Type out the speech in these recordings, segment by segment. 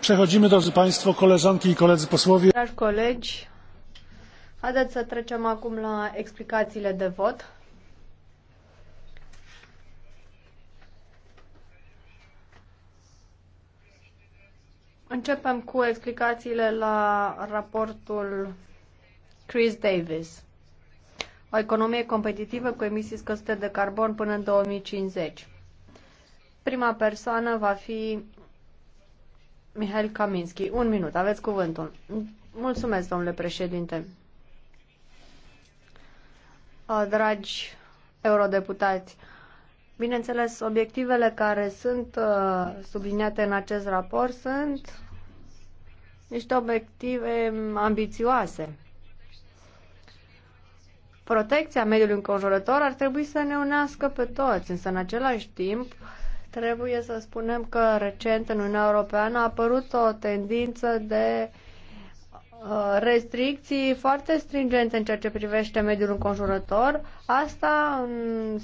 Przechodzimy, drodzy Państwo, koleżanki i koledzy posłowie. Dragi colegi, haideți să trecem acum la explicațiile de vot. Începem cu explicațiile la raportul Chris Davis. O economie competitivă cu emisii scăzute de carbon până în 2050. Prima persoană va fi Mihail Kaminski. Un minut, aveți cuvântul. Mulțumesc, domnule președinte. Dragi eurodeputați, bineînțeles, obiectivele care sunt uh, subliniate în acest raport sunt niște obiective ambițioase. Protecția mediului înconjurător ar trebui să ne unească pe toți, însă în același timp trebuie să spunem că recent în Uniunea Europeană a apărut o tendință de uh, restricții foarte stringente în ceea ce privește mediul înconjurător, asta în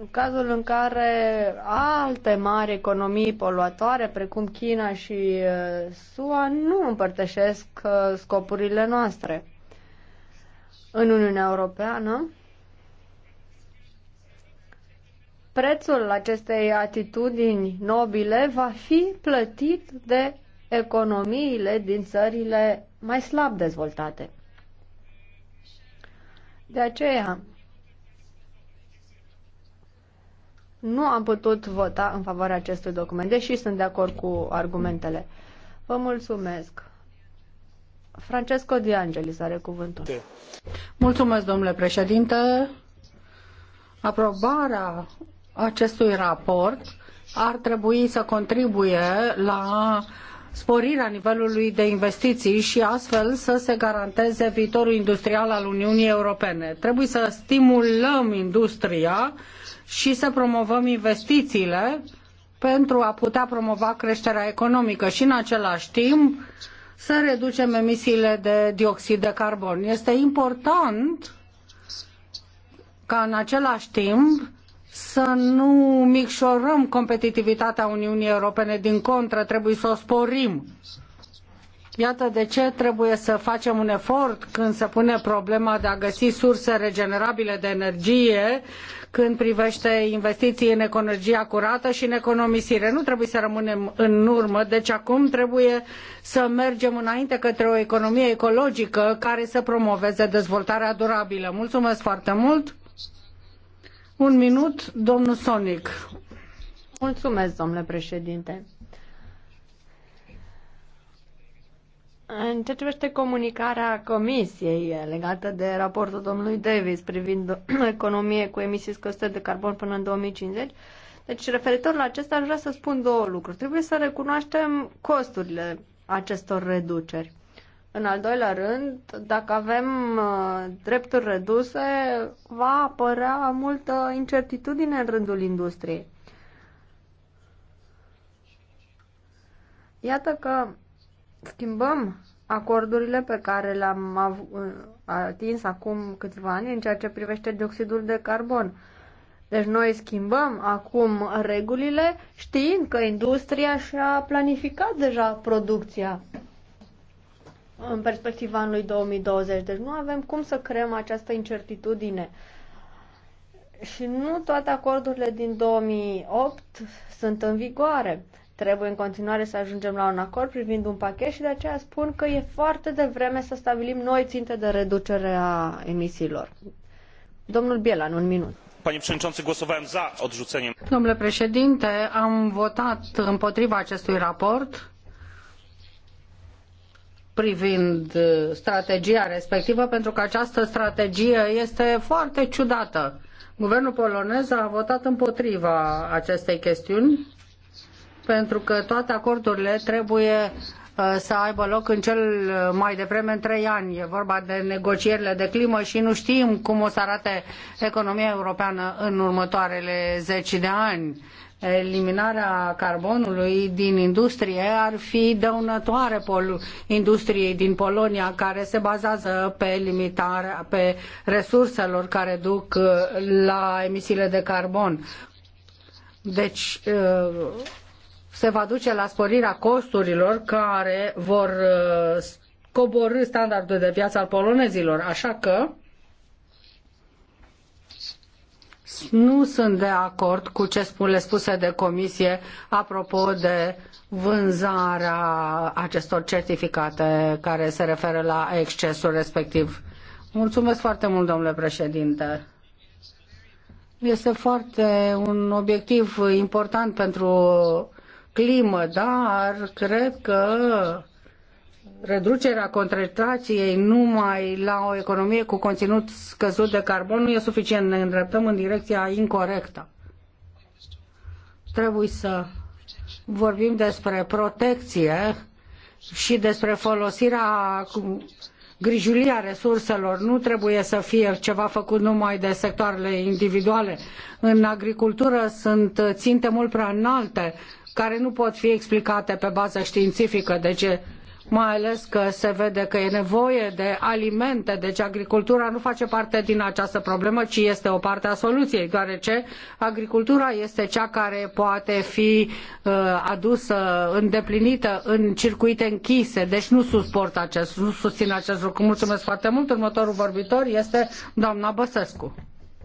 în cazul în care alte mari economii poluatoare, precum China și uh, SUA, nu împărtășesc uh, scopurile noastre. În Uniunea Europeană, prețul acestei atitudini nobile va fi plătit de economiile din țările mai slab dezvoltate. De aceea, nu am putut vota în favoarea acestui document, deși sunt de acord cu argumentele. Vă mulțumesc. Francesco Di Angelis are cuvântul. Mulțumesc, domnule președinte. Aprobarea acestui raport ar trebui să contribuie la sporirea nivelului de investiții și astfel să se garanteze viitorul industrial al Uniunii Europene. Trebuie să stimulăm industria uh, și să promovăm investițiile pentru a putea promova creșterea economică și în același timp să reducem emisiile de dioxid de carbon. Este important ca în același timp să nu micșorăm competitivitatea Uniunii Europene, din contră trebuie să o sporim. Iată de ce trebuie să facem un efort când se pune problema de a găsi surse regenerabile de energie, când privește investiții în economia curată și în economisire. Nu trebuie să rămânem în urmă, deci acum trebuie să mergem înainte către o economie ecologică care să promoveze dezvoltarea durabilă. Mulțumesc foarte mult! Un minut, domnul Sonic. Mulțumesc, domnule președinte. În ce privește comunicarea Comisiei legată de raportul domnului Davis privind economie cu emisii scăzute de carbon până în 2050, deci referitor la acesta aș vrea să spun două lucruri. Trebuie să recunoaștem costurile acestor reduceri. În al doilea rând, dacă avem uh, drepturi reduse, va apărea multă incertitudine în rândul industriei. Iată că schimbăm acordurile pe care le-am atins acum câțiva ani în ceea ce privește dioxidul de carbon. Deci noi schimbăm acum regulile știind că industria și-a planificat deja producția în perspectiva anului 2020. Deci nu avem cum să creăm această incertitudine. Și nu toate acordurile din 2008 sunt în vigoare. Trebuie în continuare să ajungem la un acord privind un pachet și de aceea spun că e foarte devreme să stabilim noi ținte de reducere a emisiilor. Domnul Bielan, un minut panie przewodniczący głosowałem za odrzuceniem. Domnule președinte, am votat împotriva acestui raport privind strategia respectivă pentru că această strategie este foarte ciudată. Guvernul polonez a votat împotriva acestei chestiuni pentru că toate acordurile trebuie uh, să aibă loc în cel uh, mai devreme în trei ani. E vorba de negocierile de climă și nu știm cum o să arate economia europeană în următoarele zeci de ani. Eliminarea carbonului din industrie ar fi dăunătoare pol- industriei din Polonia, care se bazează pe limitarea, pe resurselor care duc uh, la emisiile de carbon. Deci, se va duce la sporirea costurilor care vor uh, coborî standardul de viață al polonezilor. Așa că nu sunt de acord cu ce spune spuse de comisie apropo de vânzarea acestor certificate care se referă la excesul respectiv. Mulțumesc foarte mult, domnule președinte. Este foarte un obiectiv important pentru climă, dar cred că reducerea contractației numai la o economie cu conținut scăzut de carbon nu e suficient. Ne îndreptăm în direcția incorrectă. Trebuie să vorbim despre protecție și despre folosirea grijulia resurselor nu trebuie să fie ceva făcut numai de sectoarele individuale. În agricultură sunt ținte mult prea înalte care nu pot fi explicate pe bază științifică, deci mai ales că se vede că e nevoie de alimente, deci agricultura nu face parte din această problemă, ci este o parte a soluției, deoarece agricultura este cea care poate fi uh, adusă, îndeplinită în circuite închise, deci nu susport acest, nu susțin acest lucru. Mulțumesc foarte mult. Următorul vorbitor este doamna Băsescu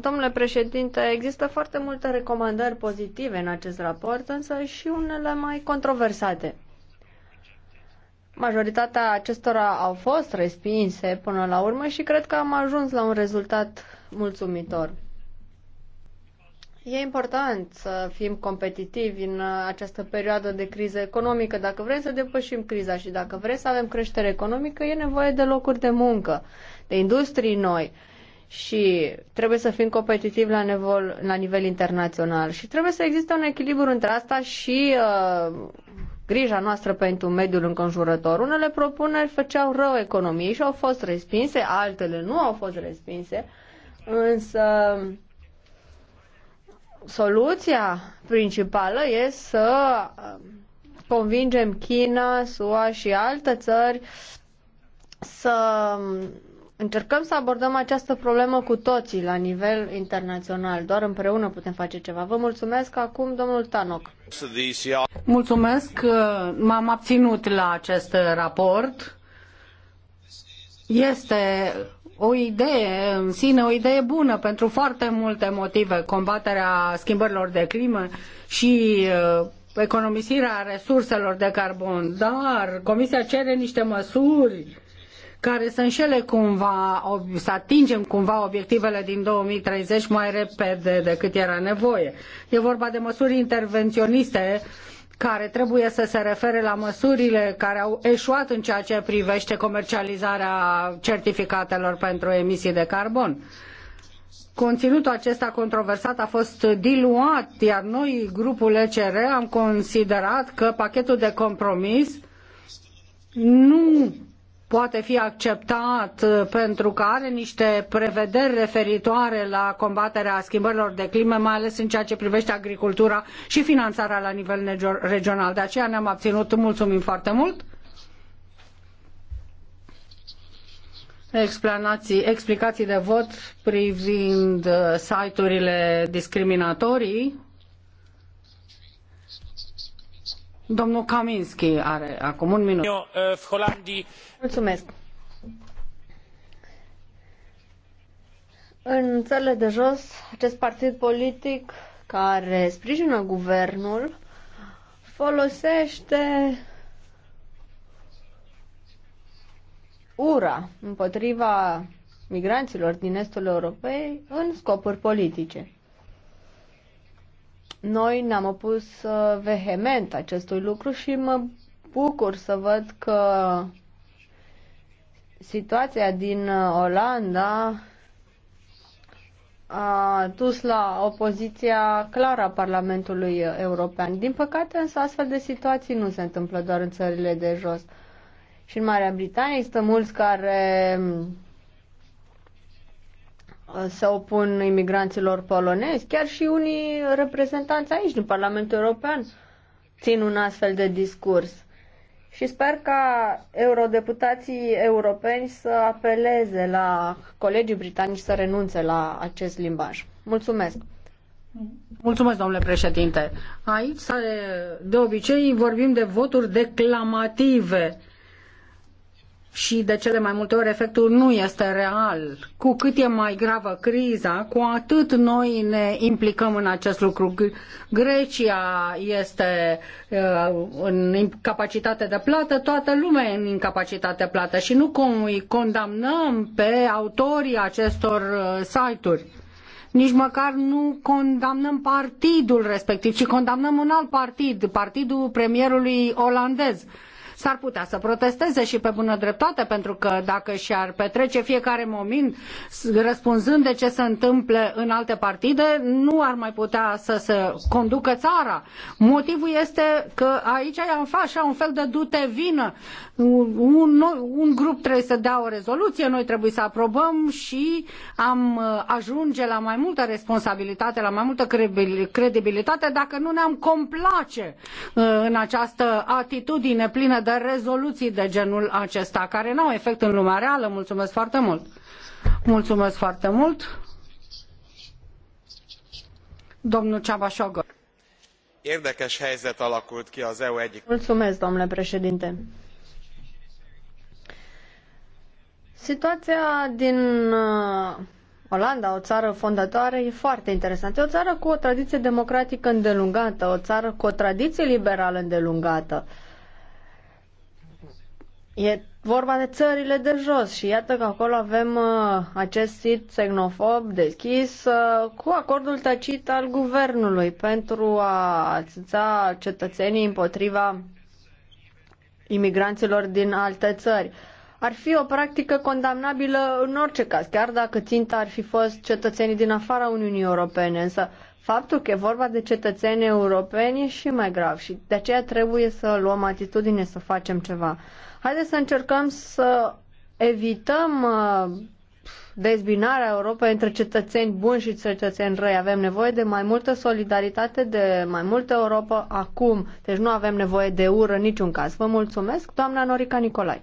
Domnule președinte, există foarte multe recomandări pozitive în acest raport, însă și unele mai controversate. Majoritatea acestora au fost respinse până la urmă și cred că am ajuns la un rezultat mulțumitor. E important să fim competitivi în această perioadă de criză economică. Dacă vrem să depășim criza și dacă vrem să avem creștere economică, e nevoie de locuri de muncă, de industrii noi și trebuie să fim competitivi la, nivel, la nivel internațional și trebuie să existe un echilibru între asta și uh, grija noastră pentru mediul înconjurător. Unele propuneri făceau rău economiei și au fost respinse, altele nu au fost respinse, însă soluția principală e să uh, convingem China, SUA și alte țări să um, încercăm să abordăm această problemă cu toții la nivel internațional. Doar împreună putem face ceva. Vă mulțumesc acum, domnul Tanoc. Mulțumesc. M-am abținut la acest raport. Este o idee în sine, o idee bună pentru foarte multe motive, combaterea schimbărilor de climă și uh, economisirea resurselor de carbon, dar Comisia cere niște măsuri care să înșele cumva, să atingem cumva obiectivele din 2030 mai repede decât era nevoie. E vorba de măsuri intervenționiste care trebuie să se refere la măsurile care au eșuat în ceea ce privește comercializarea certificatelor pentru emisii de carbon. Conținutul acesta controversat a fost diluat, iar noi, grupul ECR, am considerat că pachetul de compromis nu poate fi acceptat uh, pentru că are niște prevederi referitoare la combaterea schimbărilor de climă, mai ales în ceea ce privește agricultura și finanțarea la nivel regional. De aceea ne-am abținut. Mulțumim foarte mult! Explanații, explicații de vot privind uh, site-urile discriminatorii. Domnul Kaminski are acum un minut. În țările de jos, acest partid politic care sprijină guvernul folosește ura împotriva migranților din estul Europei în scopuri politice. Noi ne-am opus uh, vehement acestui lucru și mă bucur să văd că situația din uh, Olanda a dus la opoziția clară a Parlamentului European. Din păcate, însă, astfel de situații nu se întâmplă doar în țările de jos. Și în Marea Britanie există mulți care se opun imigranților polonezi, chiar și unii reprezentanți aici din Parlamentul European țin un astfel de discurs. Și sper ca eurodeputații europeni să apeleze la colegii britanici să renunțe la acest limbaj. Mulțumesc! Mulțumesc, domnule președinte. Aici, de obicei, vorbim de voturi declamative și de cele mai multe ori efectul nu este real. Cu cât e mai gravă criza, cu atât noi ne implicăm în acest lucru. Grecia este uh, în incapacitate de plată, toată lumea e în incapacitate de plată și nu îi condamnăm pe autorii acestor uh, site-uri. Nici măcar nu condamnăm partidul respectiv, ci condamnăm un alt partid, partidul premierului olandez s-ar putea să protesteze și pe bună dreptate, pentru că dacă și-ar petrece fiecare moment răspunzând de ce se întâmplă în alte partide, nu ar mai putea să se conducă țara. Motivul este că aici e așa un fel de dute vină un, un grup trebuie să dea o rezoluție, noi trebuie să aprobăm și am uh, ajunge la mai multă responsabilitate, la mai multă credibilitate dacă nu ne-am complace uh, în această atitudine plină de rezoluții de genul acesta, care nu au efect în lumea reală. Mulțumesc foarte mult! Mulțumesc foarte mult! Domnul Ceabașogă. Érdekes helyzet alakult ki az EU egyik. Mulțumesc, domnule președinte. Situația din uh, Olanda, o țară fondatoare, e foarte interesantă. E o țară cu o tradiție democratică îndelungată, o țară cu o tradiție liberală îndelungată. E vorba de țările de jos și iată că acolo avem uh, acest sit xenofob deschis uh, cu acordul tacit al guvernului pentru a țăța cetățenii împotriva imigranților din alte țări. Uh, ar fi o practică condamnabilă în orice caz, chiar dacă ținta ar fi fost cetățenii din afara Uniunii Europene, însă faptul că e vorba de cetățeni europeni e și mai grav și de aceea trebuie să luăm atitudine, să facem ceva. Haideți să încercăm să evităm uh, dezbinarea Europei între cetățeni buni și cetățeni răi. Avem nevoie de mai multă solidaritate, de mai multă Europa acum. Deci nu avem nevoie de ură în niciun caz. Vă mulțumesc, doamna Norica Nicolai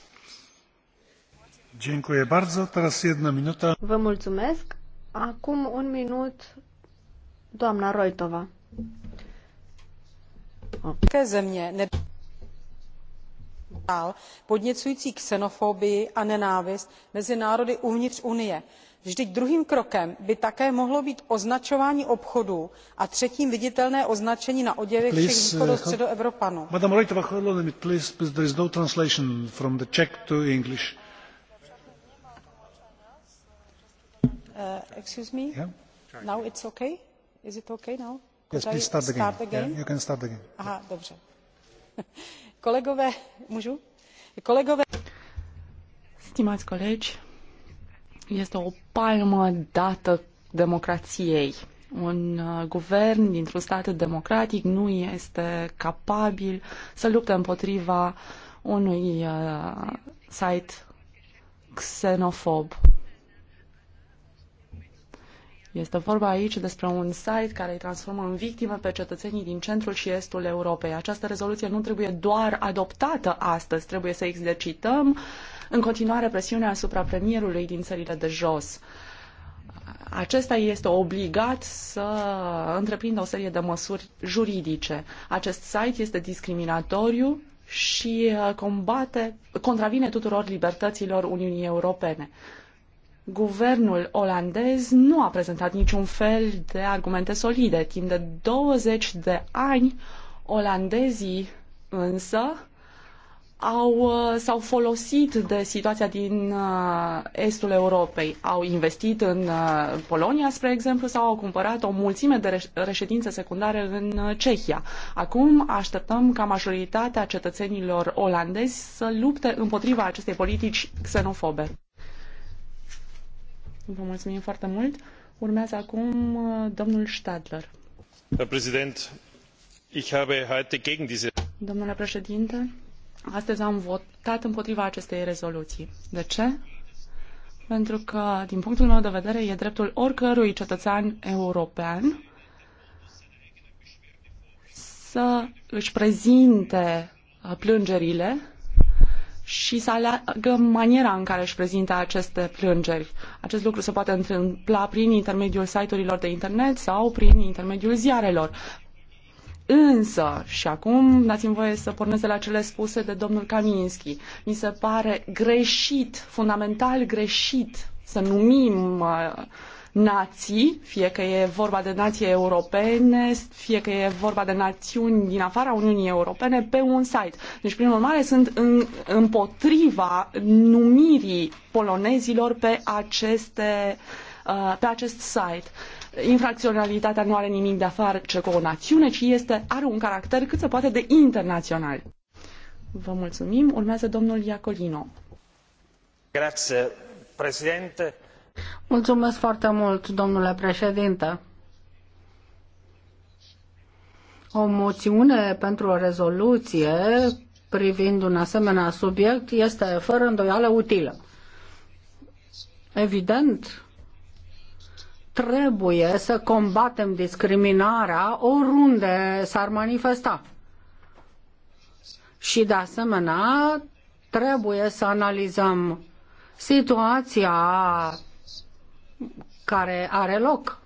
Dziękuję bardzo. Teraz jedna minuta. Vă mulțumesc. Acum un minut, doamna Roitova. Ke země ne... podněcující xenofobii a nenávist mezi národy uvnitř Unie. Vždyť druhým krokem by také mohlo být označování obchodů a třetím viditelné označení na oděvech všech eh, východostředoevropanů. Madame Roitova, hold on a minute, please. There is no translation from the Czech to English. Uh, excuse Now it's okay? Is it okay now? please start, you can start Stimați colegi, este o palmă dată democrației. Un uh, guvern dintr-un stat democratic nu este capabil să lupte împotriva unui uh, site xenofob. Este vorba aici despre un site care îi transformă în victime pe cetățenii din centrul și estul Europei. Această rezoluție nu trebuie doar adoptată astăzi, trebuie să exercităm în continuare presiunea asupra premierului din țările de jos. Acesta este obligat să întreprindă o serie de măsuri juridice. Acest site este discriminatoriu și uh, combate, contravine tuturor libertăților Uniunii Europene guvernul olandez nu a prezentat niciun fel de argumente solide. Timp de 20 de ani, olandezii însă au, uh, s-au folosit de situația din uh, estul Europei. Au investit în uh, Polonia, spre exemplu, sau au cumpărat o mulțime de reședințe secundare în Cehia. Acum așteptăm ca majoritatea cetățenilor olandezi să lupte împotriva acestei politici xenofobe. Vă mulțumim foarte mult. Urmează acum uh, domnul Stadler. Prezident, ich habe heute gegen diese... Domnule președinte, astăzi am votat împotriva acestei rezoluții. De ce? Pentru că, din punctul meu de vedere, e dreptul oricărui cetățean european să își prezinte plângerile și să aleagă maniera în care își prezintă aceste plângeri. Acest lucru se poate întâmpla prin intermediul site-urilor de internet sau prin intermediul ziarelor. Însă, și acum dați-mi voie să pornesc la cele spuse de domnul Kaminski, mi se pare greșit, fundamental greșit, să numim uh, nații, fie că e vorba de nații europene, fie că e vorba de națiuni din afara Uniunii Europene, pe un site. Deci, prin urmare, sunt în, împotriva numirii polonezilor pe, aceste, uh, pe acest site. Infracționalitatea nu are nimic de afară, ce cu o națiune, ci este, are un caracter cât se poate de internațional. Vă mulțumim. Urmează domnul Iacolino. Grazie, președinte. Mulțumesc foarte mult, domnule președinte. O moțiune pentru o rezoluție privind un asemenea subiect este fără îndoială utilă. Evident, trebuie să combatem discriminarea oriunde s-ar manifesta. Și de asemenea, trebuie să analizăm situația care are loc.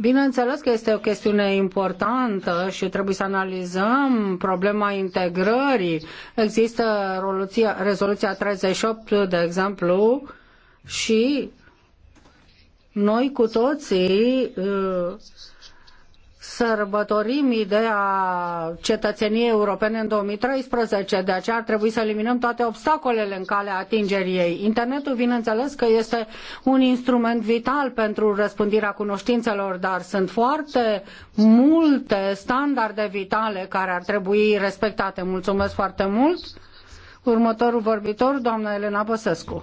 Bineînțeles că este o chestiune importantă și trebuie să analizăm problema integrării. Există rezoluția, 38, de exemplu, și noi cu toții uh, sărbătorim ideea cetățeniei europene în 2013, de aceea ar trebui să eliminăm toate obstacolele în calea atingerii ei. Internetul, bineînțeles că este un instrument vital pentru răspândirea cunoștințelor, dar sunt foarte multe standarde vitale care ar trebui respectate. Mulțumesc foarte mult! Următorul vorbitor, doamna Elena Băsescu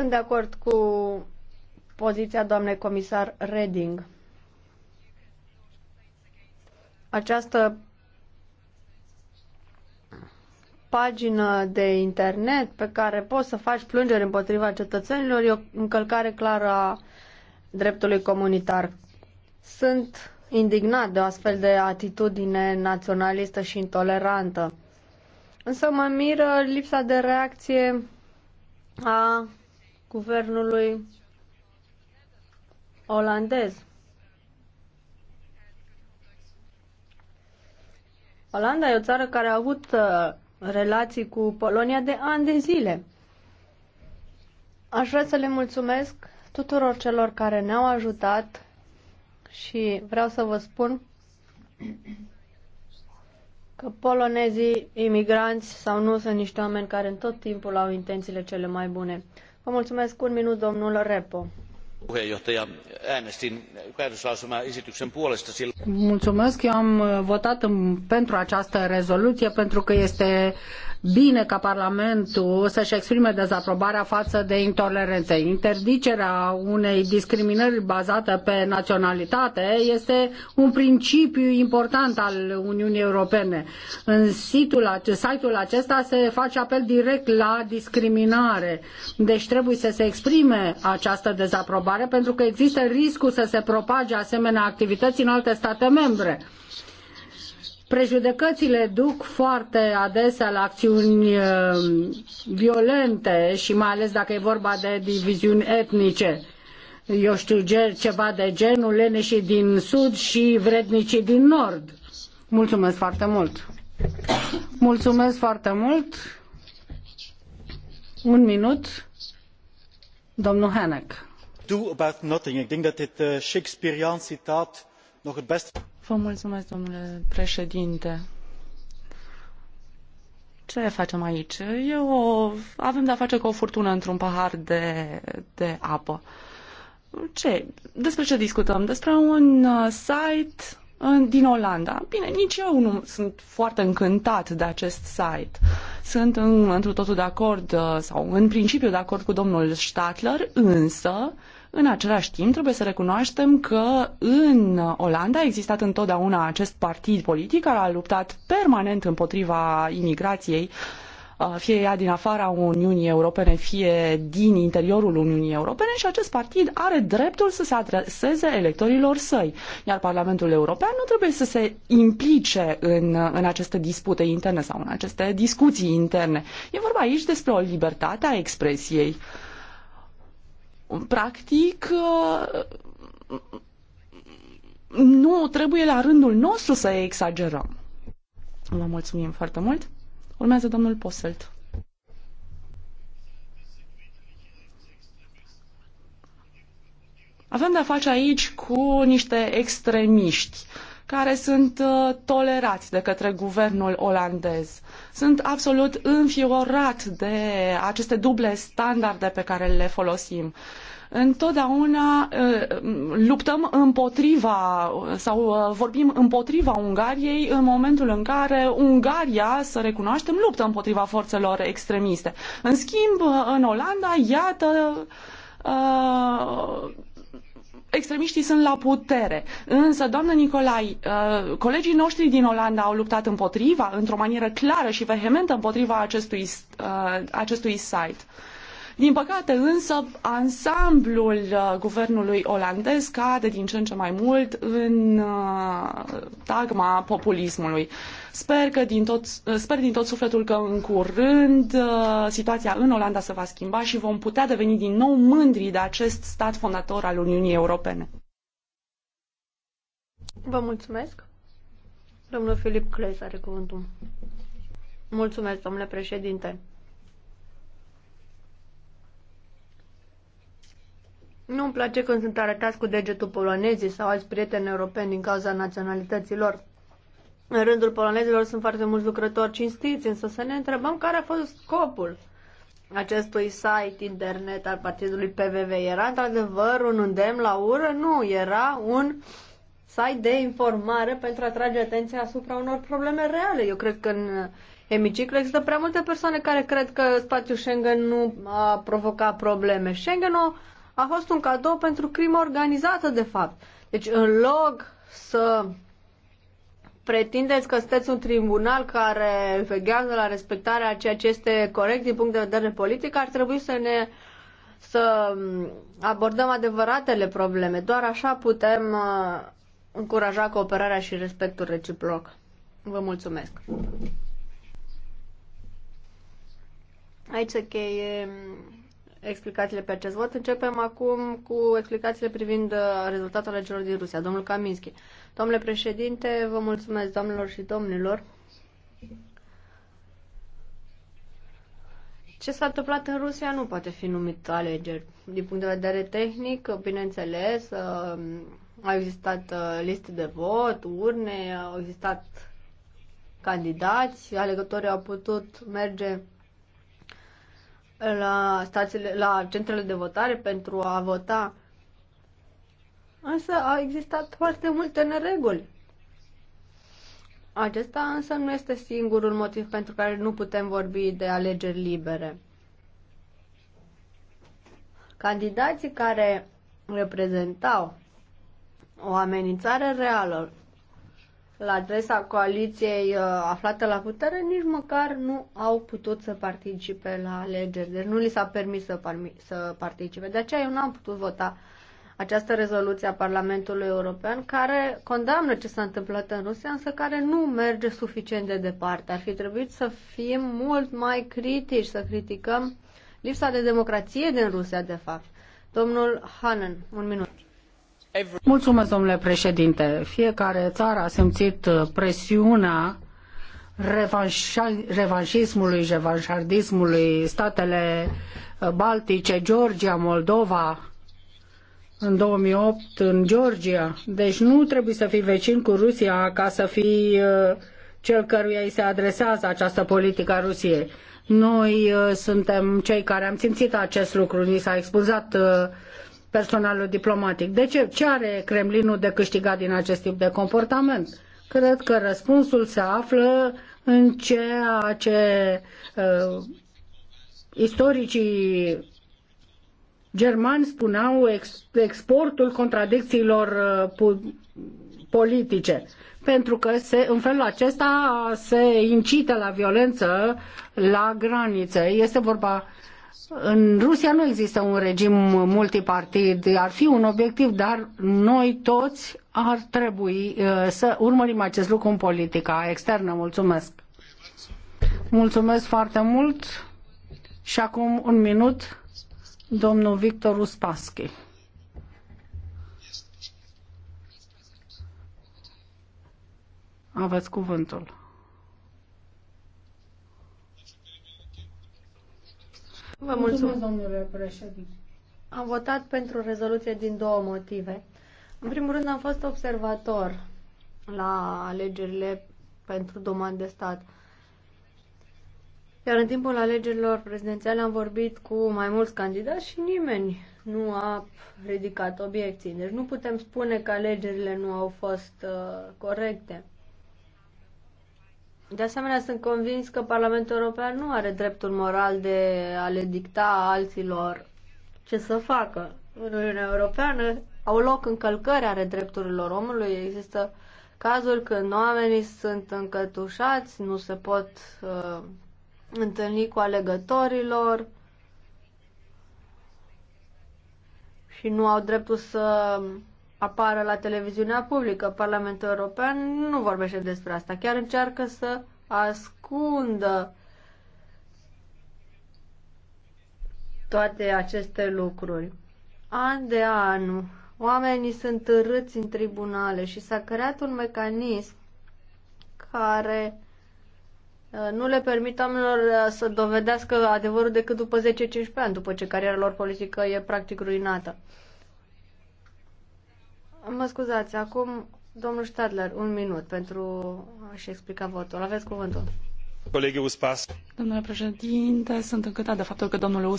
Sunt de acord cu poziția doamnei comisar Reding. Această pagină de internet pe care poți să faci plângeri împotriva cetățenilor e o încălcare clară a dreptului comunitar. Sunt indignat de o astfel de atitudine naționalistă și intolerantă. Însă mă miră lipsa de reacție a guvernului olandez. Olanda e o țară care a avut uh, relații cu Polonia de ani de zile. Aș vrea să le mulțumesc tuturor celor care ne-au ajutat și vreau să vă spun că polonezii imigranți sau nu sunt niște oameni care în tot timpul au intențiile cele mai bune. Vă mulțumesc un minut, Repo. äänestin puolesta sillä... eu am votat pentru această rezoluție pentru că este bine ca Parlamentul să-și exprime dezaprobarea față de intoleranțe. Interdicerea unei discriminări bazată pe naționalitate este un principiu important al Uniunii Europene. În site-ul acesta se face apel direct la discriminare. Deci trebuie să se exprime această dezaprobare pentru că există riscul să se propage asemenea activități în alte state membre Prejudecățile duc foarte adesea la acțiuni uh, violente și mai ales dacă e vorba de diviziuni etnice. Eu știu ceva de genul leneșii din sud și vrednicii din nord. Mulțumesc foarte mult! Mulțumesc foarte mult! Un minut, domnul Hanek. Do about nothing. Ik denk dat dit eh, Shakespearean citaat nog het beste... Vă mulțumesc, domnule președinte. Ce facem aici? Eu avem de-a face cu o furtună într-un pahar de, de apă. Ce? Despre ce discutăm? Despre un uh, site din Olanda. Bine, nici eu nu sunt foarte încântat de acest site. Sunt în, un totul de acord, uh, sau în principiu de acord cu domnul Statler, însă uh, în același timp, trebuie să recunoaștem că în Olanda a existat întotdeauna acest partid politic care a luptat permanent împotriva imigrației uh, fie ea din afara Uniunii Europene, fie din interiorul Uniunii Europene și acest partid are dreptul să se adreseze electorilor săi. Iar Parlamentul European nu trebuie să se implice în, în aceste dispute interne sau în aceste discuții interne. E vorba aici despre o libertate a expresiei practic, uh, nu trebuie la rândul nostru să exagerăm. Vă mulțumim foarte mult. Urmează domnul Poselt. Avem de-a face aici cu niște extremiști. Uh, care sunt uh, tolerați de către guvernul olandez. Sunt absolut înfiorat de aceste duble standarde pe care le folosim întotdeauna uh, luptăm împotriva sau uh, vorbim împotriva Ungariei în momentul în care Ungaria, să recunoaștem, luptă împotriva forțelor extremiste. În schimb, în Olanda, iată, extremiștii sunt la putere. Însă, doamnă Nicolai, uh, colegii noștri din Olanda au luptat împotriva, într-o manieră clară și vehementă împotriva acestui, uh, acestui site. Din păcate însă, ansamblul uh, guvernului olandez cade din ce în ce mai mult în uh, tagma populismului. Sper, că din tot, uh, sper din tot sufletul că în curând situația în Olanda se va schimba și vom putea deveni din nou mândri de acest stat fondator al Uniunii Europene. Vă mulțumesc. Domnul Filip Cles are cuvântul. Mulțumesc, domnule președinte. Nu-mi place când sunt arătați cu degetul polonezii sau alți prieteni europeni din cauza naționalității lor. În rândul polonezilor sunt foarte mulți lucrători cinstiți, însă să ne întrebăm care a fost scopul acestui site internet al partidului PVV. Era într-adevăr un îndemn la ură? Nu, era un site de informare pentru a atrage atenția asupra unor probleme reale. Eu cred că în emiciclu există prea multe persoane care cred că spațiul Schengen nu a provocat probleme. Schengen o a fost un cadou pentru crimă organizată, de fapt. Deci, în loc să pretindeți că sunteți un tribunal care veghează la respectarea ceea ce este corect din punct de vedere politic, ar trebui să ne să abordăm adevăratele probleme. Doar așa putem uh, încuraja cooperarea și respectul reciproc. Vă mulțumesc. Aici se cheie explicațiile pe acest vot. Începem acum cu explicațiile privind uh, rezultatul celor din Rusia. Domnul Kaminski. Domnule președinte, vă mulțumesc, domnilor și domnilor. Ce s-a întâmplat în Rusia nu poate fi numit alegeri. Din punct de vedere tehnic, bineînțeles, uh, au existat uh, liste de vot, urne, au existat candidați, alegătorii au putut merge la, stațiile, la centrele de votare pentru a vota. Însă au existat foarte multe nereguli. Acesta însă nu este singurul motiv pentru care nu putem vorbi de alegeri libere. Candidații care reprezentau o amenințare reală la adresa coaliției uh, aflată la putere, nici măcar nu au putut să participe la alegeri. Deci nu li s-a permis să, să participe. De aceea eu n-am putut vota această rezoluție a Parlamentului European care condamnă ce s-a întâmplat în Rusia, însă care nu merge suficient de departe. Ar fi trebuit să fim mult mai critici, să criticăm lipsa de democrație din Rusia, de fapt. Domnul Hanen, un minut. Mulțumesc, domnule președinte. Fiecare țară a simțit presiunea revanșismului, revanșardismului, statele uh, Baltice, Georgia, Moldova, în 2008 în Georgia. Deci nu trebuie să fii vecin cu Rusia ca să fii uh, cel căruia îi se adresează această politică a Rusiei. Noi uh, suntem cei care am simțit acest lucru, ni s-a expulzat personalul diplomatic. De ce? Ce are Kremlinul de câștigat din acest tip de comportament? Cred că răspunsul se află în ceea ce uh, istoricii germani spuneau ex, exportul contradicțiilor uh, politice. Pentru că se, în felul acesta se incită la violență la graniță. Este vorba în Rusia nu există un regim multipartid, ar fi un obiectiv, dar noi toți ar trebui uh, să urmărim acest lucru în politica externă. Mulțumesc! Mulțumesc foarte mult și acum un minut domnul Victor Uspaschi. Aveți cuvântul. Vă mulțumesc, domnule președinte. Am votat pentru rezoluție din două motive. În primul rând, am fost observator la alegerile pentru domani de stat. Iar în timpul alegerilor prezidențiale am vorbit cu mai mulți candidați și nimeni nu a ridicat obiecții. Deci nu putem spune că alegerile nu au fost uh, corecte. De asemenea, sunt convins că Parlamentul European nu are dreptul moral de a le dicta alților ce să facă. În Uniunea Europeană au loc încălcări ale drepturilor omului, există cazuri când oamenii sunt încătușați, nu se pot uh, întâlni cu alegătorilor și nu au dreptul să apară la televiziunea publică. Parlamentul European nu vorbește despre asta. Chiar încearcă să ascundă toate aceste lucruri. An de an, oamenii sunt râți în tribunale și s-a creat un mecanism care uh, nu le permit oamenilor uh, să dovedească adevărul decât după 10-15 ani, după ce cariera lor politică e practic ruinată. Mă scuzați, acum domnul Stadler, un minut pentru a-și explica votul. Aveți cuvântul. Domnule președinte, sunt încântat de faptul că domnul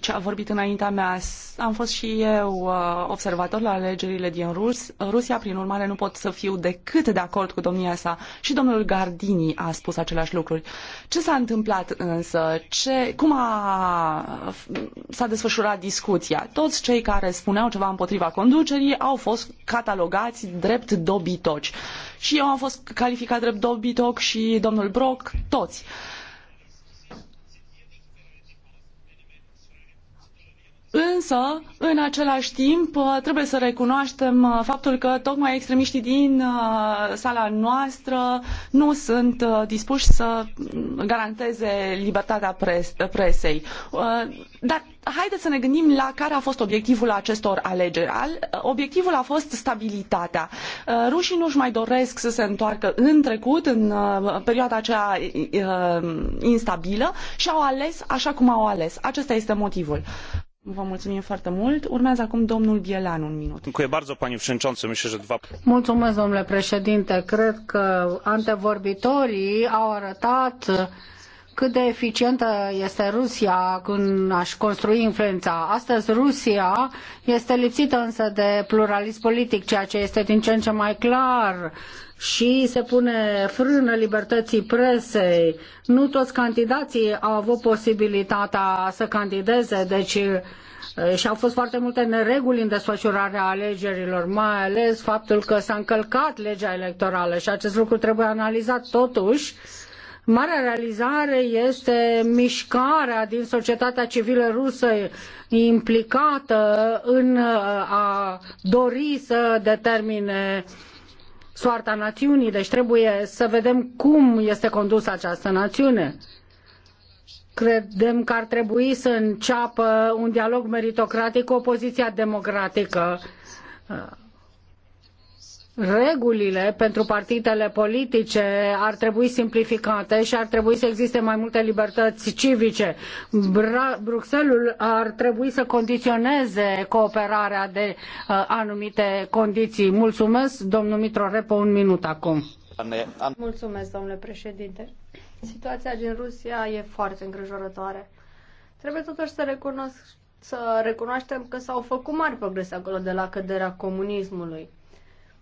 ce a vorbit înaintea mea. Am fost și eu uh, observator la alegerile din Rus, Rusia, prin urmare nu pot să fiu decât de acord cu domnia sa. Și domnul Gardini a spus aceleași lucruri. Ce s-a întâmplat însă? Ce, cum a, s-a desfășurat discuția? Toți cei care spuneau ceva împotriva conducerii au fost catalogați drept dobitoci. Și eu am fost calificat drept dobitoc și domnul Brok toi. Însă, în același timp, uh, trebuie să recunoaștem uh, faptul că tocmai extremiștii din uh, sala noastră nu sunt dispuși să garanteze libertatea presei. Dar haideți să ne gândim la care a fost obiectivul acestor alegeri. Obiectivul a fost stabilitatea. Rușii nu-și mai doresc să se întoarcă în trecut, în perioada aceea instabilă, și au ales așa cum au ales. Acesta este motivul. Vă mulțumim foarte mult. Urmează acum domnul Bielan un minut. Mulțumesc, domnule președinte. Cred că antevorbitorii au arătat cât de eficientă este Rusia în a-și construi influența. Astăzi Rusia este lipsită însă de pluralism politic, ceea ce este din ce în ce mai clar și se pune frână libertății presei. Nu toți candidații au avut posibilitatea să candideze, deci și au fost foarte multe nereguli în desfășurarea alegerilor, mai ales faptul că s-a încălcat legea electorală și acest lucru trebuie analizat totuși. Marea realizare este mișcarea din societatea civilă rusă implicată în a dori să determine uh, soarta națiunii, deci trebuie să vedem cum este condusă această națiune. Credem că ar trebui să înceapă un dialog meritocratic cu opoziția democratică regulile pentru partidele politice ar trebui simplificate și ar trebui să existe mai multe libertăți civice. Bruxelles ar trebui să condiționeze cooperarea de uh, anumite condiții. Mulțumesc, domnul Mitro Repo, un minut acum. Mulțumesc, domnule președinte. Situația din Rusia e foarte îngrijorătoare. Trebuie totuși să recunosc să recunoaștem că s-au făcut mari progrese acolo de la căderea comunismului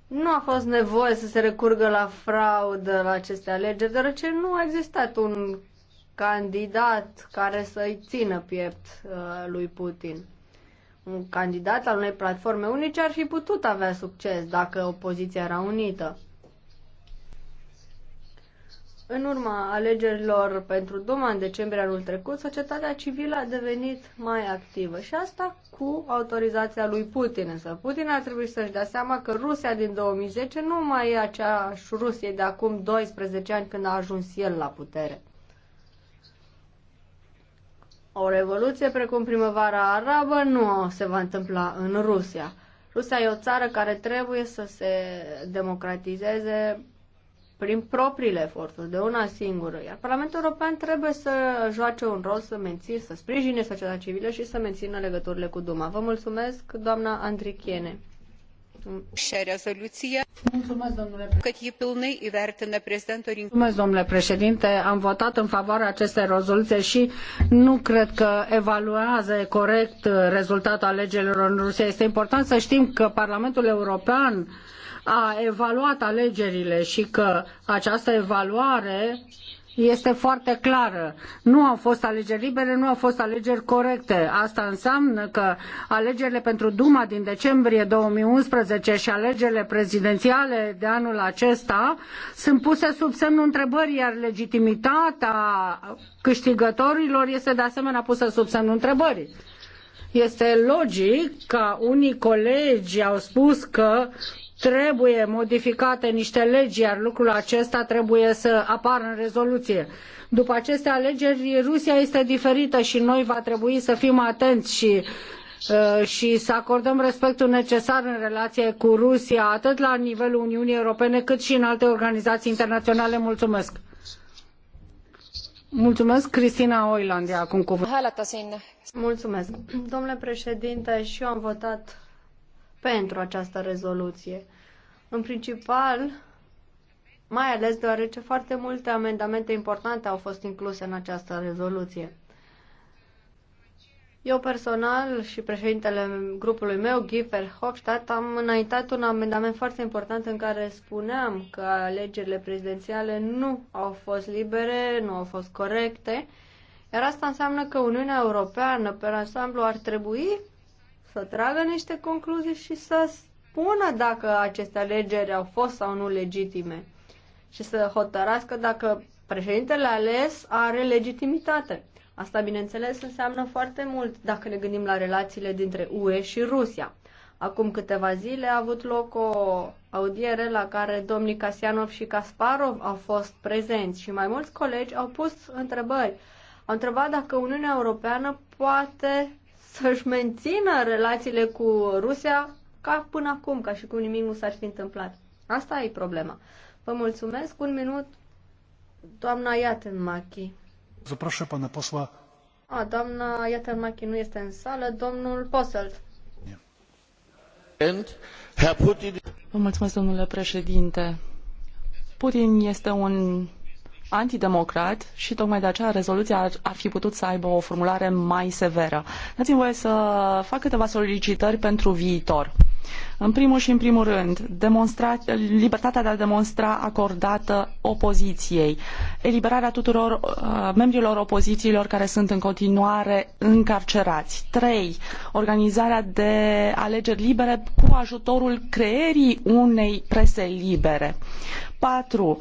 nu a fost nevoie să se recurgă la fraudă la aceste alegeri, deoarece nu a existat un candidat care să-i țină piept uh, lui Putin. Un candidat al unei platforme unice ar fi putut avea succes dacă opoziția era unită. În urma alegerilor pentru Duma în decembrie anul trecut, societatea civilă a devenit mai activă și asta cu autorizația lui Putin. Însă Putin ar trebui să-și dea seama că Rusia din 2010 nu mai e aceeași Rusie de acum 12 ani când a ajuns el la putere. O revoluție precum primăvara arabă nu se va întâmpla în Rusia. Rusia e o țară care trebuie să se democratizeze prin propriile eforturi, de una singură. Iar Parlamentul European trebuie să joace un rol, să mențină, să sprijine societatea civilă și să mențină legăturile cu Duma. Vă mulțumesc, doamna Andrichiene. Mulțumesc domnule, Mulțumesc, domnule președinte. Am votat în favoarea acestei rezoluții și nu cred că evaluează corect rezultatul alegerilor în Rusia. Este important să știm că Parlamentul European a evaluat alegerile și că această evaluare este foarte clară. Nu au fost alegeri libere, nu au fost alegeri corecte. Asta înseamnă că alegerile pentru Duma din decembrie 2011 și alegerile prezidențiale de anul acesta sunt puse sub semnul întrebării, iar legitimitatea câștigătorilor este de asemenea pusă sub semnul întrebării. Este logic ca unii colegi au spus că trebuie modificate niște legi, iar lucrul acesta trebuie să apară în rezoluție. După aceste alegeri, Rusia este diferită și noi va trebui să fim atenți și uh, și să acordăm respectul necesar în relație cu Rusia, atât la nivelul Uniunii Europene, cât și în alte organizații internaționale. Mulțumesc! Mulțumesc, Cristina Oiland, acum cuvânt. Mulțumesc. Domnule președinte, și eu am votat pentru această rezoluție. În principal, mai ales deoarece foarte multe amendamente importante au fost incluse în această rezoluție. Eu personal și președintele grupului meu, Giffer Hofstadt, am înaintat un amendament foarte important în care spuneam că alegerile prezidențiale nu au fost libere, nu au fost corecte, iar asta înseamnă că Uniunea Europeană, pe ansamblu, ar trebui să tragă niște concluzii și să spună dacă aceste alegeri au fost sau nu legitime și să hotărască dacă președintele ales are legitimitate. Asta, bineînțeles, înseamnă foarte mult dacă ne gândim la relațiile dintre UE și Rusia. Acum câteva zile a avut loc o audiere la care domnii Casianov și Kasparov au fost prezenți și mai mulți colegi au pus întrebări. Au întrebat dacă Uniunea Europeană poate să-și mențină relațiile cu Rusia ca până acum, ca și cum nimic nu s-ar fi întâmplat. Asta e problema. Vă mulțumesc. Un minut, doamna Iatenmachi. Zăprășe, până posla. A, doamna Iatenmachi nu este în sală. Domnul Poselt. Vă mulțumesc, domnule președinte. Putin este un antidemocrat și tocmai de aceea rezoluția ar, ar fi putut să aibă o formulare mai severă. Dați-mi voie să fac câteva solicitări pentru viitor. În primul și în primul rând, demonstra, libertatea de a demonstra acordată opoziției, eliberarea tuturor uh, membrilor opozițiilor care sunt în continuare încarcerați. 3. Organizarea de alegeri libere cu ajutorul creierii unei prese libere. 4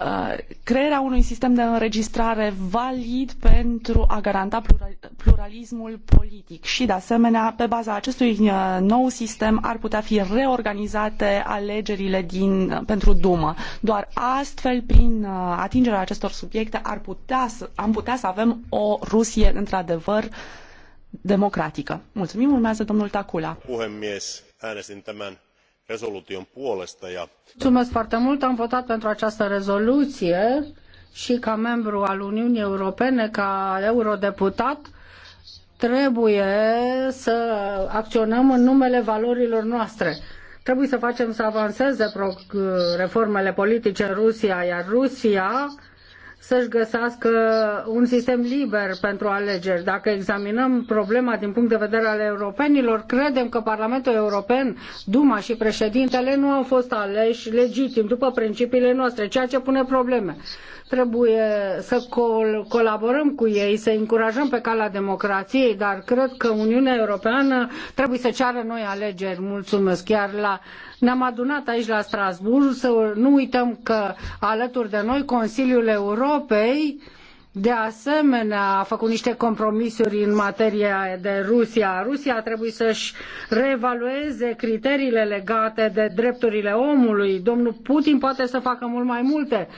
Uh, crearea unui sistem de înregistrare valid pentru a garanta pluralismul politic și, de asemenea, pe baza acestui uh, nou sistem ar putea fi reorganizate alegerile din, uh, pentru Dumă. Doar astfel, prin atingerea acestor subiecte, ar putea să, am putea să avem o Rusie, într-adevăr, democratică. Mulțumim, urmează domnul Tacula. Puhemies, äänestin tämän rezolution puolesta ja Mulțumesc foarte mult, am votat pentru această rezoluție și ca membru al Uniunii Europene, ca eurodeputat, trebuie să acționăm în numele valorilor noastre. Trebuie să facem să avanseze reformele politice în Rusia, iar Rusia să-și găsească un sistem liber pentru alegeri. Dacă examinăm problema din punct de vedere al europenilor, credem că Parlamentul European, Duma și președintele nu au fost aleși legitim după principiile noastre, ceea ce pune probleme. Trebuie să col colaborăm cu ei, să încurajăm pe calea democrației, dar cred că Uniunea Europeană trebuie să ceară noi alegeri. Mulțumesc chiar la ne-am adunat aici la Strasbourg să nu uităm că alături de noi Consiliul Europei de asemenea, a făcut niște compromisuri în materie de Rusia. Rusia trebuie să-și reevalueze criteriile legate de drepturile omului. Domnul Putin poate să facă mult mai multe.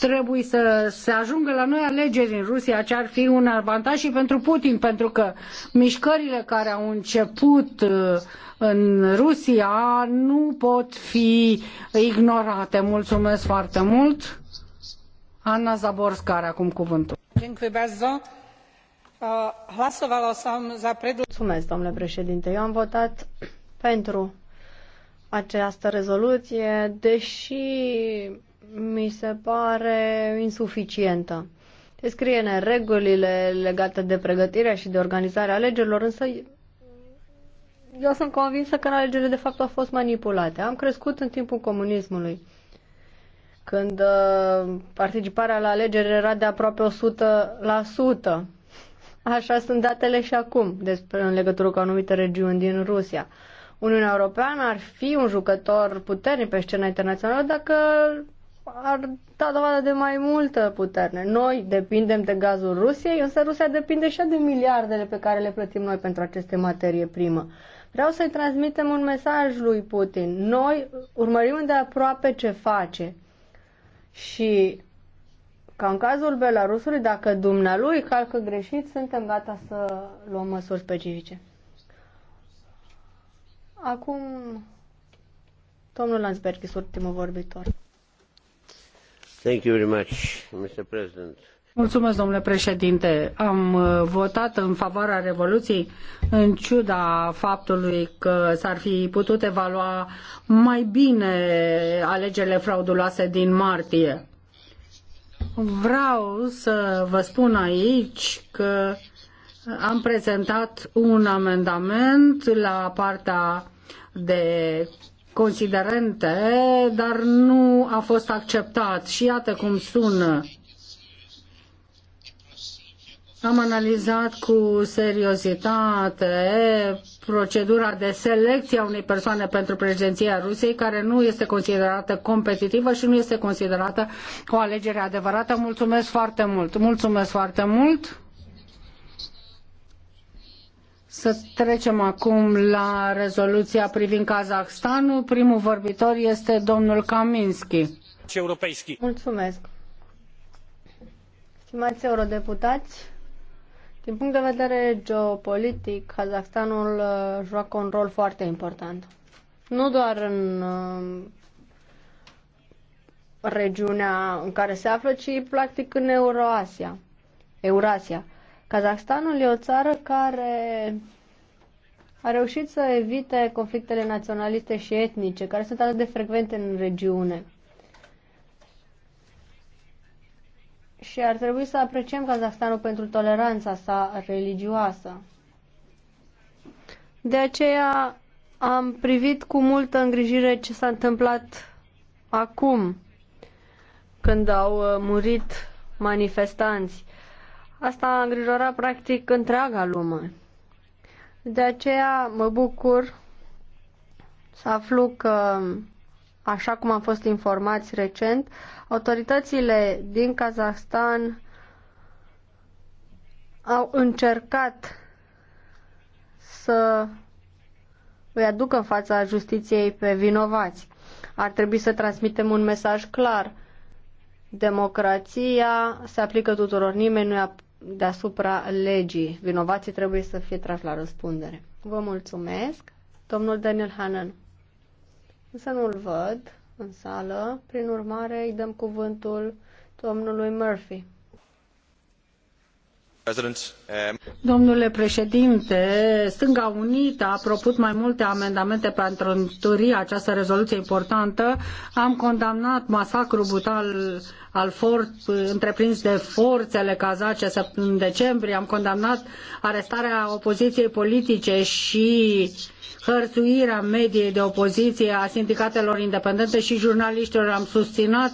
Trebuie să se ajungă la noi alegeri în Rusia, ce ar fi un avantaj și pentru Putin, pentru că mișcările care au început uh, în Rusia nu pot fi ignorate. Mulțumesc foarte mult! Anna Zaborska are acum cuvântul. domnule președinte. Eu am votat pentru această rezoluție, deși mi se pare insuficientă. Descrie neregulile legate de pregătirea și de organizarea alegerilor, însă eu sunt convinsă că în alegerile de fapt au fost manipulate. Am crescut în timpul comunismului când uh, participarea la alegeri era de aproape 100%. Așa sunt datele și acum despre, în legătură cu anumite regiuni din Rusia. Uniunea Europeană ar fi un jucător puternic pe scena internațională dacă ar da dovadă de mai multă putere. Noi depindem de gazul Rusiei, însă Rusia depinde și de miliardele pe care le plătim noi pentru aceste materie primă. Vreau să-i transmitem un mesaj lui Putin. Noi urmărim de aproape ce face. Și ca în cazul Belarusului, dacă dumnealui calcă greșit, suntem gata să luăm măsuri specifice. Acum, domnul Lansberg este ultimul vorbitor. Thank you very much, Mr. President. Mulțumesc, domnule președinte. Am uh, votat în favoarea Revoluției în ciuda faptului că s-ar fi putut evalua mai bine alegerile frauduloase din martie. Vreau să vă spun aici că am prezentat un amendament la partea de considerente, dar nu a fost acceptat. Și iată cum sună am analizat cu seriozitate procedura de selecție a unei persoane pentru președinția Rusiei, care nu este considerată competitivă și nu este considerată o alegere adevărată. Mulțumesc foarte mult! Mulțumesc foarte mult! Să trecem acum la rezoluția privind Kazahstanul. Primul vorbitor este domnul Kaminski. Mulțumesc! Stimați eurodeputați, din punct de vedere geopolitic, Kazakhstanul uh, joacă un rol foarte important. Nu doar în uh, regiunea în care se află, ci practic în Euroasia. Eurasia. Kazakhstanul e o țară care a reușit să evite conflictele naționaliste și etnice, care sunt atât de frecvente în regiune. și ar trebui să apreciem Kazahstanul pentru toleranța sa religioasă. De aceea am privit cu multă îngrijire ce s-a întâmplat acum, când au uh, murit manifestanți. Asta a îngrijorat practic întreaga lume. De aceea mă bucur să aflu că Așa cum am fost informați recent, autoritățile din Kazahstan au încercat să îi aducă în fața justiției pe vinovați. Ar trebui să transmitem un mesaj clar. Democrația se aplică tuturor, nimeni nu e deasupra legii. Vinovații trebuie să fie trași la răspundere. Vă mulțumesc. Domnul Daniel Hanan însă nu-l văd în sală. Prin urmare, îi dăm cuvântul domnului Murphy. Eh, Domnule președinte, Stânga Unită a propus mai multe amendamente pentru a întări această rezoluție importantă. Am condamnat masacrul brutal al for- întreprins de forțele kazace în decembrie. Am condamnat arestarea opoziției politice și hărțuirea mediei de opoziție a sindicatelor independente și jurnaliștilor. Am susținut,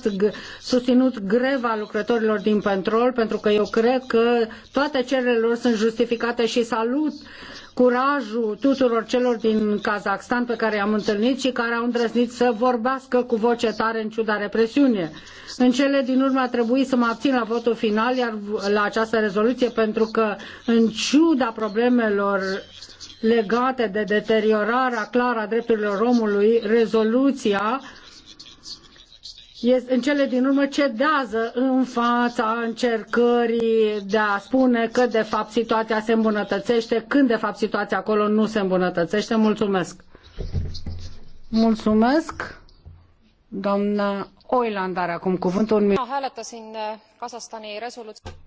susținut greva lucrătorilor din petrol pentru că eu cred că toate cererile lor sunt justificate și salut uh, curajul tuturor celor din Kazakhstan pe care i-am întâlnit și care au îndrăznit să vorbească cu voce tare în ciuda represiunii. În cele din urmă a trebuit să mă abțin la votul final, iar la această rezoluție, pentru că în ciuda problemelor legate de deteriorarea clară a drepturilor omului, rezoluția uh, în cele din urmă cedează în fața încercării de a spune că de fapt situația se îmbunătățește, când de fapt situația acolo nu se îmbunătățește. Mulțumesc! Mulțumesc! Doamna Oiland are acum cuvântul.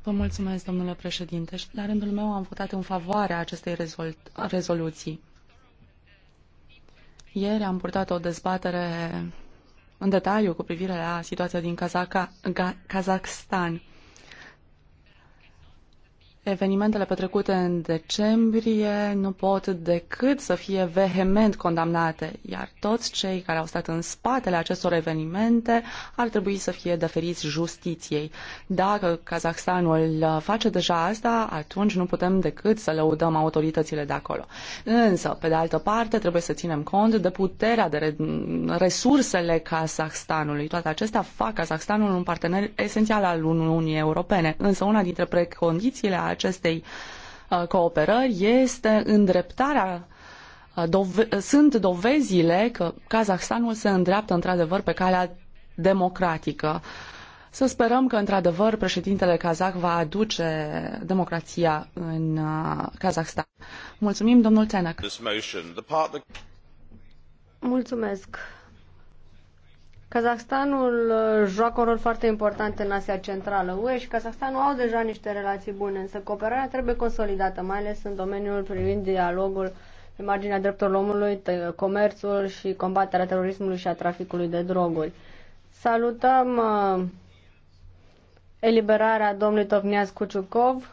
Vă mulțumesc, domnule președinte. Și la rândul meu am votat în favoarea acestei rezol rezoluții. Ieri am purtat o dezbatere în detaliu cu privire la situația din Kazaka, Evenimentele petrecute în decembrie nu pot decât să fie vehement condamnate, iar toți cei care au stat în spatele acestor evenimente ar trebui să fie deferiți justiției. Dacă Kazahstanul uh, face deja asta, atunci nu putem decât să lăudăm autoritățile de acolo. Însă, pe de altă parte, trebuie să ținem cont de puterea, de re resursele Kazahstanului. Toate acestea fac Kazahstanul un partener esențial al Uniunii Europene. Însă, una dintre precondițiile acestei uh, cooperări este îndreptarea uh, dove- uh, sunt dovezile că Kazahstanul se îndreaptă într-adevăr pe calea democratică. Să sperăm că, într-adevăr, președintele kazah va aduce democrația în Kazahstan. Mulțumim, domnul Țenac. Mulțumesc. Kazahstanul uh, joacă un rol foarte important în Asia Centrală. UE și Kazahstanul au deja niște relații bune, însă cooperarea trebuie consolidată, mai ales în domeniul privind dialogul pe marginea drepturilor omului, comerțul și combaterea terorismului și a traficului de droguri. Salutăm uh, eliberarea domnului Tovniaz Kuciukov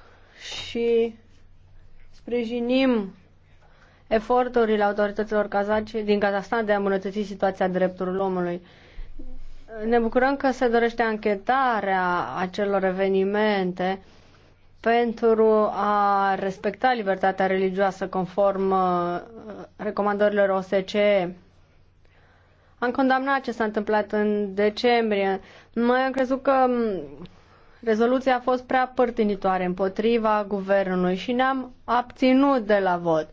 și sprijinim eforturile autorităților kazace din Kazahstan de a îmbunătăți situația drepturilor omului ne bucurăm că se dorește anchetarea acelor evenimente pentru a respecta libertatea religioasă conform uh, recomandărilor OSCE. Am condamnat ce s-a întâmplat în decembrie. Noi am crezut că mm, rezoluția a fost prea părtinitoare împotriva guvernului și ne-am abținut de la vot.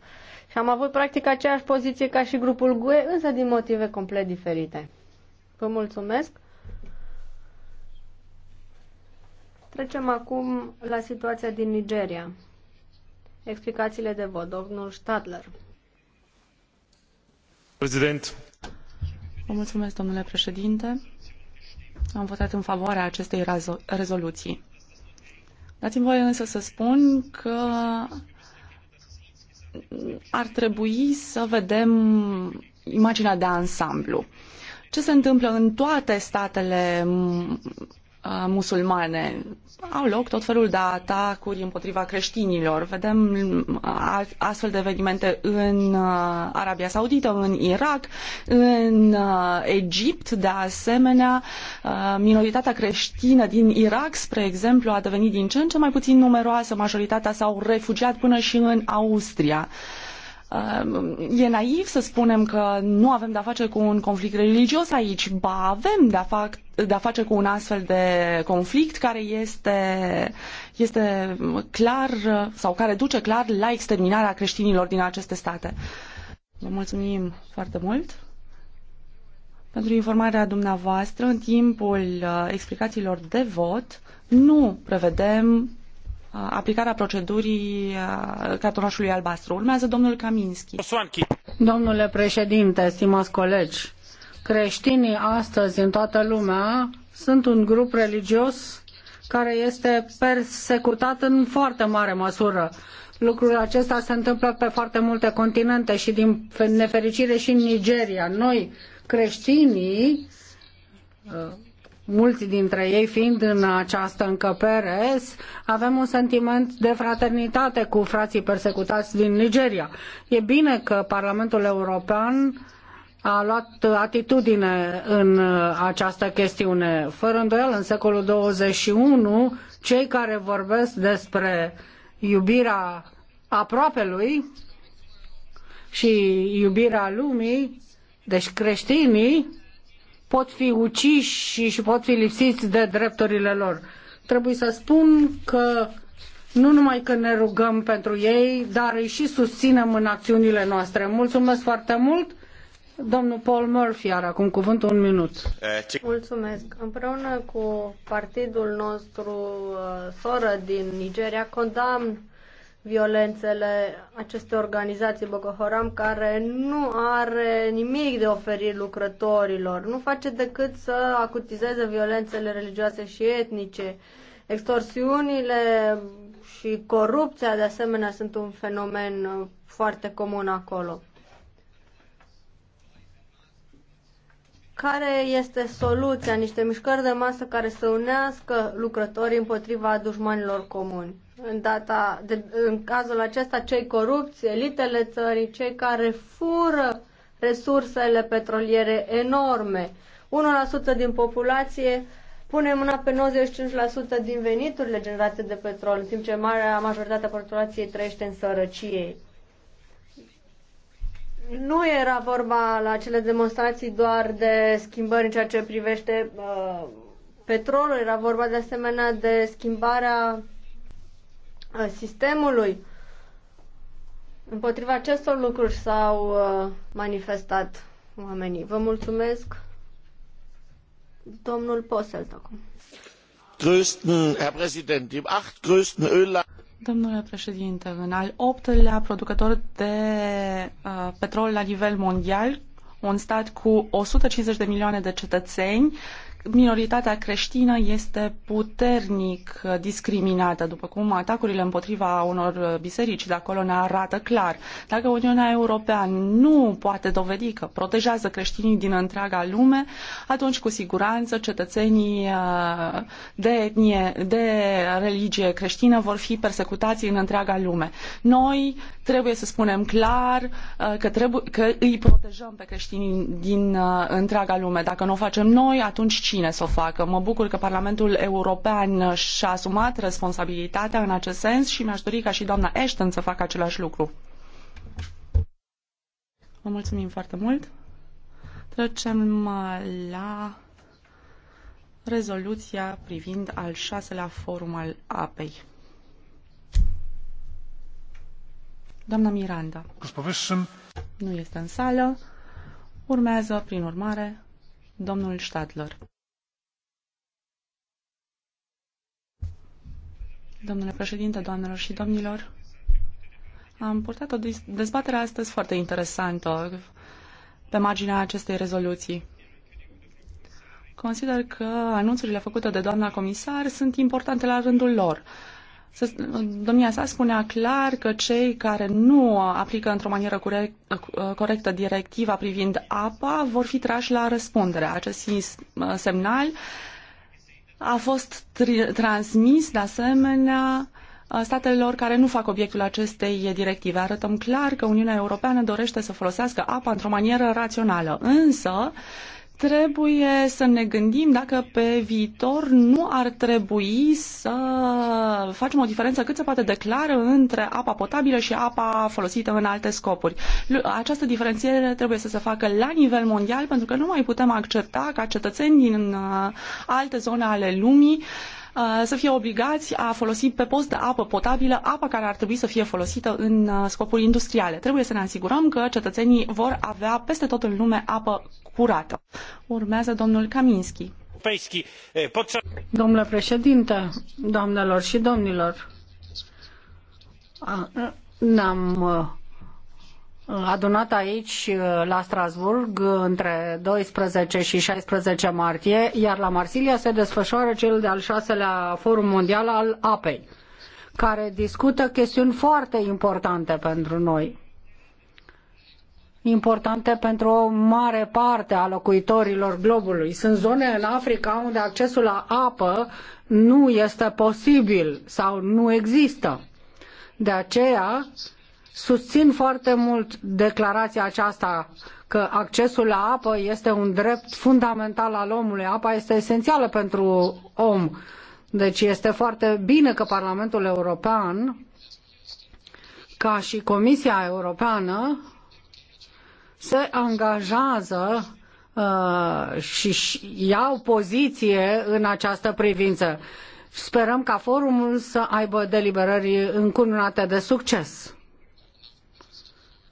Și am avut practic aceeași poziție ca și grupul GUE, însă din motive complet diferite. Vă mulțumesc. Trecem acum la situația din Nigeria. Explicațiile de vot, domnul Stadler. Prezident. Vă mulțumesc, domnule președinte. Am votat în favoarea acestei rezoluții. Dați-mi voie însă să spun că ar trebui să vedem imaginea de ansamblu. Uh, ce se întâmplă în toate statele mm, musulmane. Au loc tot felul de atacuri împotriva creștinilor. Vedem mm, astfel de evenimente în Arabia Saudită, în Irak, în Egipt, de asemenea. Minoritatea creștină din Irak, spre exemplu, a devenit din ce în ce mai puțin numeroasă. Majoritatea s-au refugiat până și în Austria. Um, e naiv să spunem că nu avem de-a face cu un conflict religios aici, ba avem de-a, fac, de-a face cu un astfel de conflict care este, este clar sau care duce clar la exterminarea creștinilor din aceste state. Vă mulțumim foarte mult pentru informarea dumneavoastră. În timpul uh, explicațiilor de vot nu prevedem Uh, aplicarea procedurii uh, cartonașului albastru. Urmează domnul Kaminski. Domnule președinte, stimați colegi, creștinii astăzi în toată lumea sunt un grup religios care este persecutat în foarte mare măsură. Lucrul acesta se întâmplă pe foarte multe continente și din nefericire și în Nigeria. Noi, creștinii, uh, mulți dintre ei fiind în această încăpere, avem un sentiment de fraternitate cu frații persecutați din Nigeria. E bine că Parlamentul European a luat atitudine în această chestiune. Fără îndoială, în secolul 21, cei care vorbesc despre iubirea aproapelui și iubirea lumii, deci creștinii, pot fi uciși și pot fi lipsiți de drepturile lor. Trebuie să spun că nu numai că ne rugăm pentru ei, dar îi și susținem în acțiunile noastre. Mulțumesc foarte mult! Domnul Paul Murphy are acum cuvântul un minut. Mulțumesc. Împreună cu partidul nostru uh, soră din Nigeria condamn violențele acestei organizații Boko Haram care nu are nimic de oferit lucrătorilor, nu face decât să acutizeze violențele religioase și etnice. Extorsiunile și corupția de asemenea sunt un fenomen uh, foarte comun acolo. Care este soluția? Niște mișcări de masă care să unească lucrătorii împotriva dușmanilor comuni în, data, de, în cazul acesta cei corupți, elitele țării, cei care fură resursele petroliere enorme. 1% din populație pune mâna pe 95% din veniturile generate de petrol, în timp ce marea majoritatea populației trăiește în sărăcie. Nu era vorba la acele demonstrații doar de schimbări în ceea ce privește uh, petrolul, era vorba de asemenea de schimbarea sistemului. Împotriva acestor lucruri s-au uh, manifestat oamenii. Vă mulțumesc. Domnul Poselt acum. Domnule președinte, în al optelea producător de uh, petrol la nivel mondial, un stat cu 150 de milioane de cetățeni, uh, minoritatea creștină este puternic discriminată, după cum atacurile împotriva unor biserici de acolo ne arată clar. Dacă Uniunea Europeană nu poate dovedi că protejează creștinii din întreaga lume, atunci cu siguranță cetățenii uh, de etnie, de religie creștină vor fi persecutați în întreaga lume. Noi trebuie să spunem clar uh, că, trebuie, că îi protejăm pe creștinii din uh, întreaga lume. Dacă nu o facem noi, atunci cine să o facă. Mă bucur că Parlamentul European și-a asumat responsabilitatea în acest sens și mi-aș dori ca și doamna Ashton să facă același lucru. Vă mulțumim foarte mult. Trecem la rezoluția privind al șaselea forum al apei. Doamna Miranda. Nu este în sală. Urmează, prin urmare, domnul Stadler. Domnule președinte, doamnelor și domnilor, am purtat o dezbatere astăzi foarte interesantă pe marginea acestei rezoluții. Consider că anunțurile făcute de doamna comisar sunt importante la rândul lor. Domnia sa spunea clar că cei care nu aplică într-o manieră corectă directiva privind apa vor fi trași la răspundere. Acest semnal uh, a fost tri- transmis, de asemenea, statelor care nu fac obiectul acestei directive. Arătăm clar că Uniunea Europeană dorește să folosească apa într-o manieră rațională, însă trebuie să ne gândim dacă pe viitor nu ar trebui să facem o diferență cât se poate de clară între apa potabilă și apa folosită în alte scopuri. Această diferențiere trebuie să se facă la nivel mondial pentru că nu mai putem accepta ca cetățeni din uh, alte zone ale lumii Uh, să fie obligați a folosi pe post de apă potabilă apa care ar trebui să fie folosită în uh, scopuri industriale. Trebuie să ne asigurăm că cetățenii vor avea peste tot în lume apă curată. Urmează domnul Kaminski. Domnule președinte, doamnelor și domnilor, am uh, adunat aici uh, la Strasbourg uh, între 12 și 16 martie, iar la Marsilia se desfășoară cel de-al șaselea forum mondial al apei, care discută chestiuni foarte importante pentru noi, importante pentru o mare parte a locuitorilor globului. Sunt zone în Africa unde accesul la apă nu este posibil sau nu există. De aceea, Susțin foarte mult declarația aceasta că accesul la apă este un drept fundamental al omului. Apa este esențială pentru om. Deci este foarte bine că Parlamentul European, ca și Comisia Europeană, se angajează uh, și iau poziție în această privință. Sperăm ca forumul să aibă deliberări încununate de succes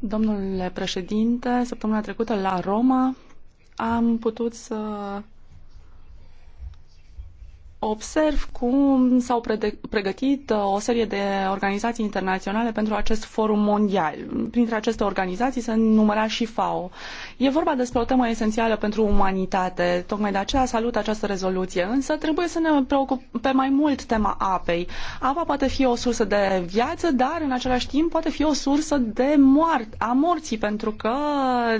Domnule președinte, săptămâna trecută la Roma am putut să observ cum s-au pregătit uh, o serie de organizații internaționale pentru acest forum mondial. Printre aceste organizații se număra și FAO. E vorba despre o temă esențială pentru umanitate, tocmai de aceea salut această rezoluție, însă trebuie să ne preocupe mai mult tema apei. Apa poate fi o sursă de viață, dar în același timp poate fi o sursă de moarte, a morții, pentru că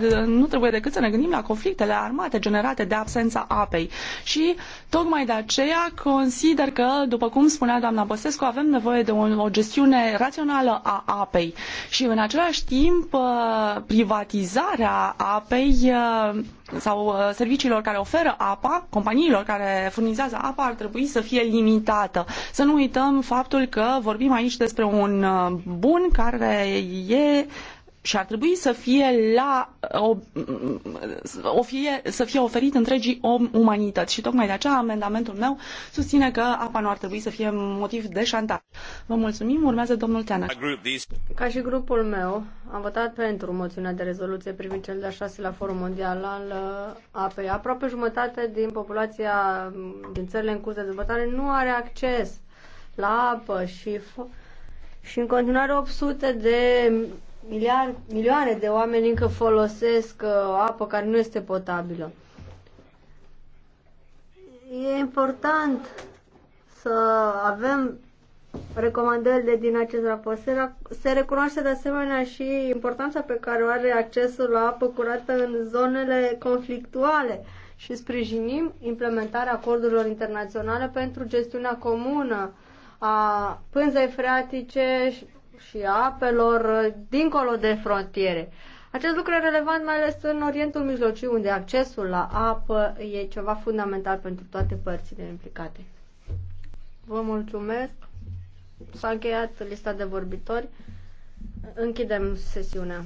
uh, nu trebuie decât să ne gândim la conflictele armate generate de absența apei. Și tocmai de aceea consider că, după cum spunea doamna Băsescu, avem nevoie de o, o gestiune rațională a apei și în același timp uh, privatizarea apei uh, sau uh, serviciilor care oferă apa, companiilor care furnizează apa ar trebui să fie limitată. Să nu uităm faptul că vorbim aici despre un bun care e și ar trebui să fie la o, o fie, să fie oferit întregii om umanități. Și tocmai de aceea amendamentul meu susține că apa nu ar trebui să fie motiv de șantaj. Vă mulțumim, urmează domnul Teană. Ca și grupul meu, am votat pentru moțiunea de rezoluție privind cel de-a șaselea forum mondial al uh, apei. Aproape jumătate din populația mm, din țările în curs de dezvoltare nu are acces la apă și și în continuare 800 de miliard, milioane de oameni încă folosesc uh, apă care nu este potabilă. E important să avem recomandările din acest raport. Se, se recunoaște de asemenea și importanța pe care o are accesul la apă curată în zonele conflictuale și sprijinim implementarea acordurilor internaționale pentru gestiunea comună a pânzei freatice, și a apelor uh, dincolo de frontiere. Acest lucru e relevant mai ales în Orientul Mijlociu, unde accesul la apă e ceva fundamental pentru toate părțile implicate. Vă mulțumesc. S-a încheiat lista de vorbitori. Închidem sesiunea.